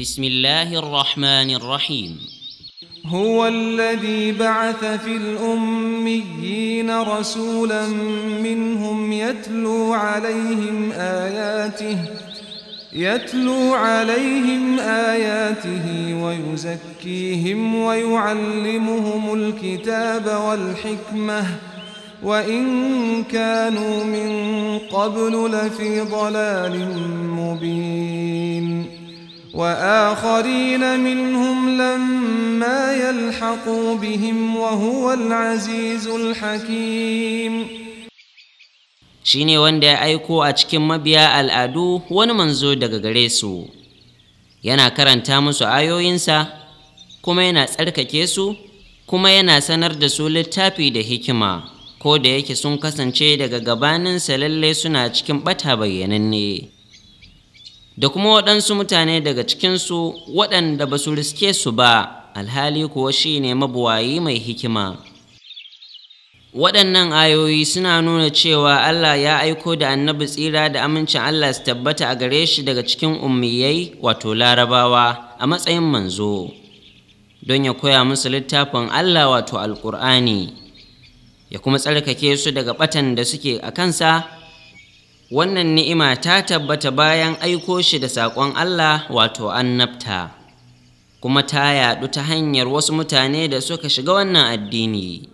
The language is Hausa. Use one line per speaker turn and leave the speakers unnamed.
بسم الله الرحمن الرحيم
هو الذي بعث في الأميين رسولا منهم يتلو عليهم آياته يتلو عليهم آياته ويزكيهم ويعلمهم الكتاب والحكمة وإن كانوا من قبل لفي ضلال مبين وآخرين منهم لما يلحقوا بهم وهو
العزيز الحكيم shine wanda ya aiko a cikin mabiya al'adu wani manzo daga gare su yana karanta musu ayoyinsa kuma yana tsarkake su kuma yana sanar da su littafi da hikima ko da yake sun kasance daga gabaninsa lalle suna cikin ɓata bayyananne da kuma waɗansu mutane daga cikinsu waɗanda ba su riske su ba alhali kuwa shi ne mabuwayi mai hikima waɗannan ayoyi suna nuna cewa allah ya aiko da annabi tsira da amincin allah su tabbata a gare shi daga cikin ummiyai wato larabawa a matsayin manzo don ya koya musu littafin allah wato alƙur'ani ya kuma tsarkake su daga ɓatan da suke a kansa wannan ni'ima ta tabbata bayan aiko shi da saƙon Allah wato annabta kuma ta yaɗu ta hanyar wasu mutane da suka shiga wannan addini